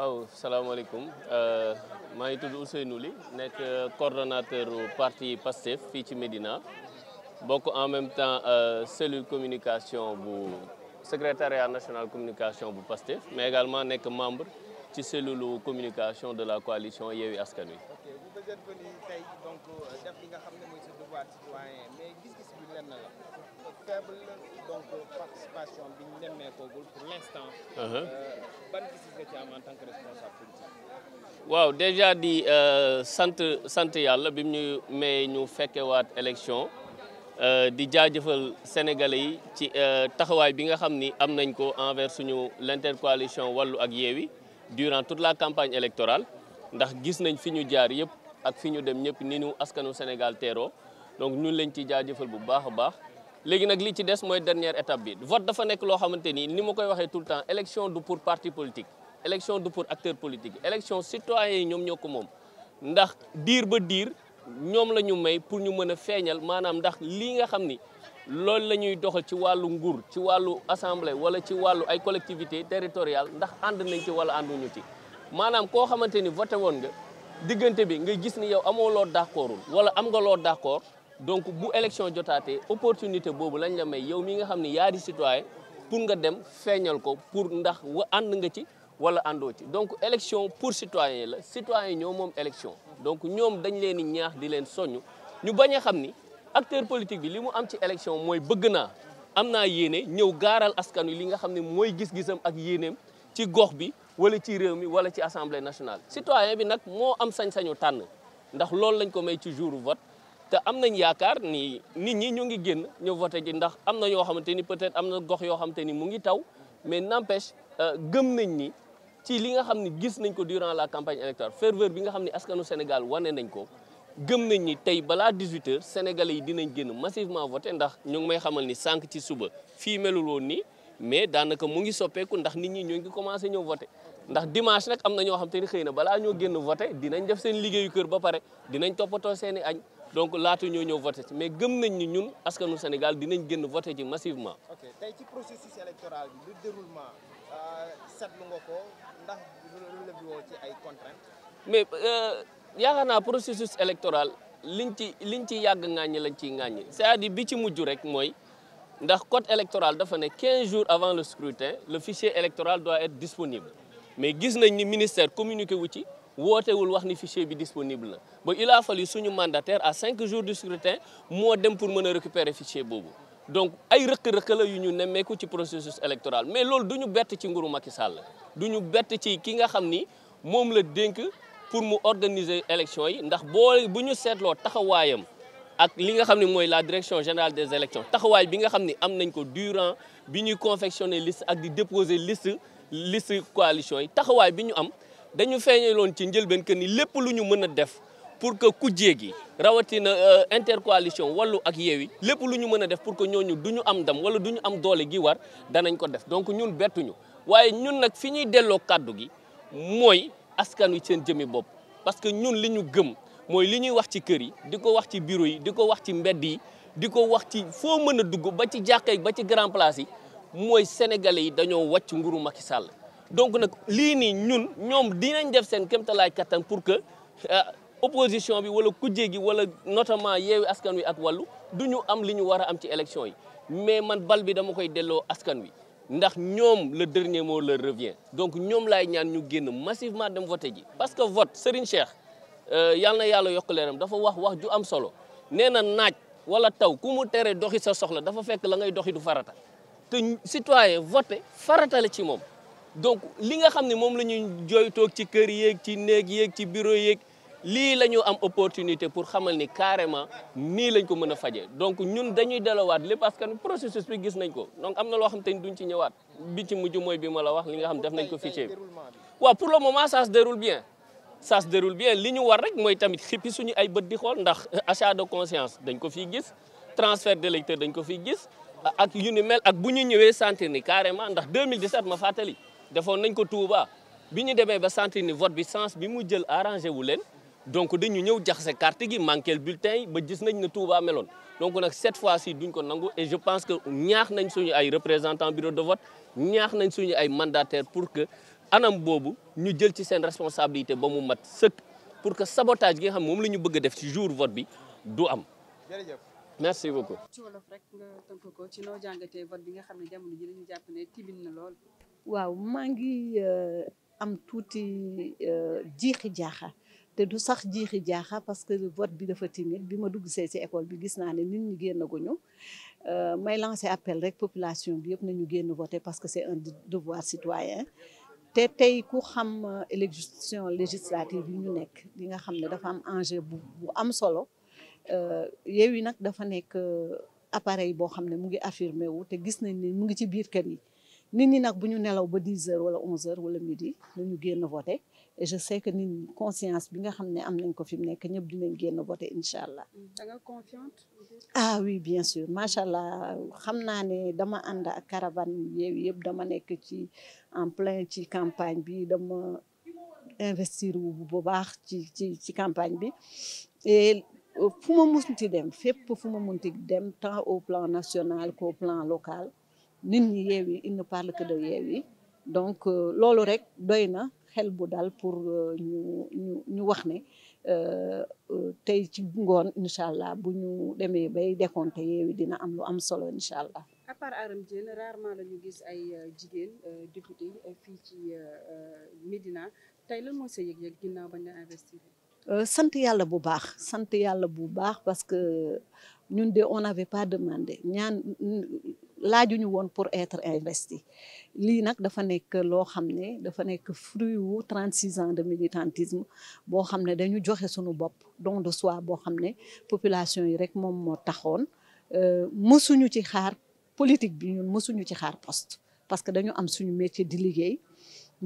waaw salaamaaleykum euh, maa ngi tudd Ousseynou Ly nekk coordonnateur parti PASTEF fii ci Médina bokk en même temps euh, cellule communication bu secrétariat national communication bu PASTEF mais également nekk membre ci cellule communication de la coalition Yewwi Askan Wi. Euh, nga xam ne mooy sa devoir citoyen mais gis-gis bi lenn la faible donc participation bi ñu nemmeekoogul pour l'instant. Uh-huh. ban nga ci am en waaw déjà di euh, sant sant yàlla bi mu ñu may ñu fekkewaat élection euh, di jaajëfal sénégalais yi ci euh, taxawaay bi nga xam ni am nañ ko envers suñu l'intercoalition wallu ak yeewi durant toute la campagne électorale ndax gis nañ fi ñu jaar yëpp ak fi ñu dem ñëpp ni ñu askanu Sénégal teeroo donc ñun lañ ci jaajëfal bu baax a baax léegi nag li ci des mooy dernière étape bi vote dafa nekk loo xamante ni ni ma koy waxee tout le temps élection du pour parti politique élection du pour acteur politique élection citoyens yi ñoom ñoo ko moom ndax diir ba diir ñoom la ñu may pour ñu mën a feeñal maanaam ndax lii nga xam ni loolu la ñuy doxal ci wàllu nguur ci wàllu assemblée wala ci wàllu ay collectivité territoriale ndax ànd nañ ci wala ànduñu ci maanaam koo xamante ni voté woon nga diggante bi nga gis ni yow amoo loo d'accordul wala am nga loo d'accord donc bu élection jotaatee opportunité boobu lañ la may yow mi nga xam ni yaa di citoyen pour nga dem feeñal ko ndax wa ànd nga ci wala àndoo ci donc élection pour citoyen la citoyen yi ñoo moom élection donc ñoom dañ leen di ñaax di leen soññ ñu bañ a xam ni acteur politique bi li mu am ci élection mooy bëgg naa am naa yéene ñëw gaaral askan wi li nga xam ne mooy gis-gisam ak yéeneem ci gox bi wala ci réew mi wala ci assemblée nationale citoyen bi nag moo am sañ-sañu tànn ndax loolu lañ ko may ci jour vote te am nañ yaakaar ni nit ñi ñu ngi génn ñu voté ji ndax am na yoo xamante ni peut-être am na gox yoo xamante ni mu ngi taw mais n'empêche euh, gëm nañ ni ci li nga xam ne gis nañ ko durant la campagne électorale ferveur bi nga xam ne askanu Sénégal wane nañ ko gëm nañ ni tey balaa 18h yi dinañ génn massivement voté ndax ñu ngi may xamal ni sànq ci suba fii melul woon nii mais daanaka mu ngi soppeeku ndax nit ñi ñoo ngi commencé ñëw voté ndax dimanche nag am na ñoo xam te ni xëy na balaa ñoo génn voté dinañ def seen liggéeyu kër ba pare dinañ toppatoo seen i añ donc laatu ñoo ñëw voté ci mais gëm nañ ni ñun askanu Sénégal dinañ génn voté ci massivement. ok tey ci processus électoral bi déroulement. Euh, seetlu nga ko ndax relevé woo ci ay contraintes. mais euh, yaakaar naa électoral liñ ci liñ ci yàgg ŋàññi lañ ciy ŋàññi c'est-à-dire bi ci mujj rek mooy ndax code électoral dafa ne 15 jours avant le scrutin le fichier électoral doit être disponible mais gis nañ ni ministère communiqué wu ci. wootewul wax ni fichier bi disponible na ba il a suñu mandataire à cinq jours du scrutin moo dem pour mën a récupérer fichier boobu donc ay rëkk-rëkk la yu ñu nemmeeku ci processus électoral mais loolu du ñu bett ci nguuru Macky Sall du ñu bett ci ki nga xam ni moom la dénk pour mu organiser élection yi ndax boo bu ñu seetloo taxawaayam ak li nga xam ne mooy la direction générale des élections taxawaay bi nga xam ni am nañ ko durant bi ñuy confectionner liste ak di déposer liste liste coalition yi taxawaay bi ñu am dañu feeñaloon ci njëlbeen que ni lépp lu ñu mën a def pour que kujjee gi rawatina euh, intercoalition wallu ak yeew yi lépp lu ñu mën a def pour que ñooñu du ñu am ndam wala du ñu am doole gi war danañ ko def donc ñun bettuñu waaye ñun nag fi ñuy delloo kàddu gi mooy askan wi seen jëmi bopp parce que ñun li ñu gëm mooy li ñuy wax ci kër yi di ko wax ci bureau yi di ko wax ci mbedd yi di ko wax ci foo mën a dugg ba ci jàkka yi ba ci grand place yi mooy sénégale yi dañoo wàcc nguuru Macky Sall donc nag lii nii def seen kéemtalaay kattan pour que euh, opposition bi wala kujje gi wala notamment yeewi askan wi ak wallu du ñu am li ñu war a am ci élection yi mais man bal bi dama koy delloo askan wi ndax ñoom la dernier mot leur revient donc ñoom laay ñaan ñu génn massivement dem voté ji parce que vote Serigne Cheikh euh, yàlla na yàlla yokk leeram dafa wax wax ju am solo nee na naaj wala taw ku mu tere doxi sa soxla dafa fekk la ngay doxi du farata te citoyen voté farata la ci moom donc li nga xam ne moom la ñuy jooytoog ci kër yéeg ci néeg yéeg ci bureau yéeg lii la ñu am opportunité pour xamal ni carrément nii lañ ko mën a fajee donc ñun dañuy delawaat lépp parce que processus bi gis nañ ko donc am na loo xam te ni duñ ci ñëwaat bi ci mujj mooy bi ma la wax li nga xam def nañ ko fichier bi waaw pour le moment ça se déroule bien ça se bien li ñu war rek mooy tamit xippi suñu ay bët di xool ndax achat de conscience dañ ko fiy gis transfert d'électeur dañ ko fiy gis ak yu ni mel ak bu ñu ñëwee sentir ni carrément ndax 2017 ma fàttali defoon nañ ko Touba bi ñu demee ba sentir ni vote bi sens bi mu jël arrangé wu leen donc dañu ñëw jaxase carte gi manqué bulletin yi ba gis nañ ne Touba meloon donc nag cet fois si duñ ko nangu et je pense que ñaax nañ suñu ay représentant bureau de vote ñaax nañ suñu ay mandataire pour que anam boobu ñu jël ci seen responsabilité ba mu mat sëkk pour que sabotage gi nga xam moom la ñu bëgg def ci jour vote bi du am. jërëjëf merci beaucoup. ci wolof rek ko ci noo jàngatee vote bi nga xam ne jamono ji dañu jàpp ne tibin na lool. waaw maa ngi euh, am tuuti euh, jiixi jaaxa. te du sax jiixi jaaxa parce que vote bi dafa timide bi ma dugg see ci école bi gis naa ne nit ñi génnaguñu euh, may lancer appel rek population bi yëpp nañu génn voter parce que c'est un devoir citoyen te tey ku xam euh, élection législative yi ñu nekk li nga xam ne dafa am enjeu bu bu am solo euh, Yewwi nag dafa nekk appareil boo xam ne mu ngi affirmé wu te gis nañ ne mu ngi ci biir kër yi nit ñi nag bu ñu nelaw ba 10 heures wala 11 heures wala midi nañu génn voter je sais que nit ñi conscience bi nga xam ne am nañ ko fi mu nekk ñëpp dinañ génn voté incha allah. Mm. da nga confiante. ah oui bien sûr macha allah xam naa ne dama ànd ak caravane yeewu yëpp dama nekk ci en plein ci campagne bi dama investir wu bu baax ci ci ci campagne bi et fu ma munti dem fépp fu ma munti dem tant au plan national qu'au plan local nit ñi yeewu yi il ne parle que de yeewu yi donc euh, loolu rek doy na. xel bu dal pour euh, ñu ñu ñu wax ne euh, euh, tey ci ngoon incha allah bu ñu demee bay décompté yeewi dina am lu am solo incha allah. à part Arame rarement la ñu gis ay jigéen député fii ci Médina tey lan mooy sa yëg-yëg ginnaaw bañ la investir. sant yàlla bu baax sant yàlla bu baax parce que ñun de on n'avait pas demandé laajuñu woon pour être investi lii nag dafa nekk loo xam ne dafa nekk fruit wu 36 ans de militantisme boo xam ne dañu joxe suñu bopp donc de soi boo xam ne population yi rek moom moo taxoon euh, mësuñu ci xaar politique bi ñun mësuñu ci xaar post parce que dañu am suñu métier di liggéey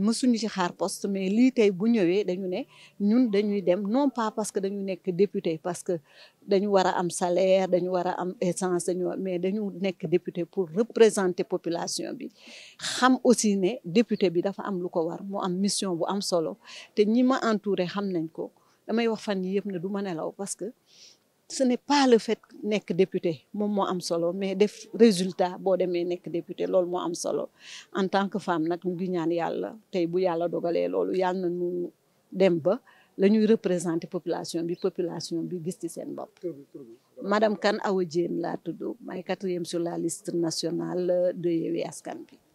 mësuñu ci xaar post mais lii tey bu ñëwee dañu ne ñun dañuy dem non pas parce que dañuy nekk député parce que dañu war a am salaire dañu war a am essence dañu mais dañu nekk député pour représenter population bi xam aussi ne député bi dafa am lu ko war mu am mission bu am solo te ñii ma entouré xam nañ ko damay wax fan yii yëpp ne du ma law parce que ce n'est pas le fait nekk député moom moo am solo mais def résultat boo demee nekk député loolu moo am solo en tant que femme nag mu ngi ñaan yàlla tey bu yàlla dogalee loolu yàlla na ñu dem ba la ñuy représenter population bi population bi gis ci seen bopp. madame kan Awa Diène laa tudd may quatrième sur la liste nationale de Yewwi Askan Wi.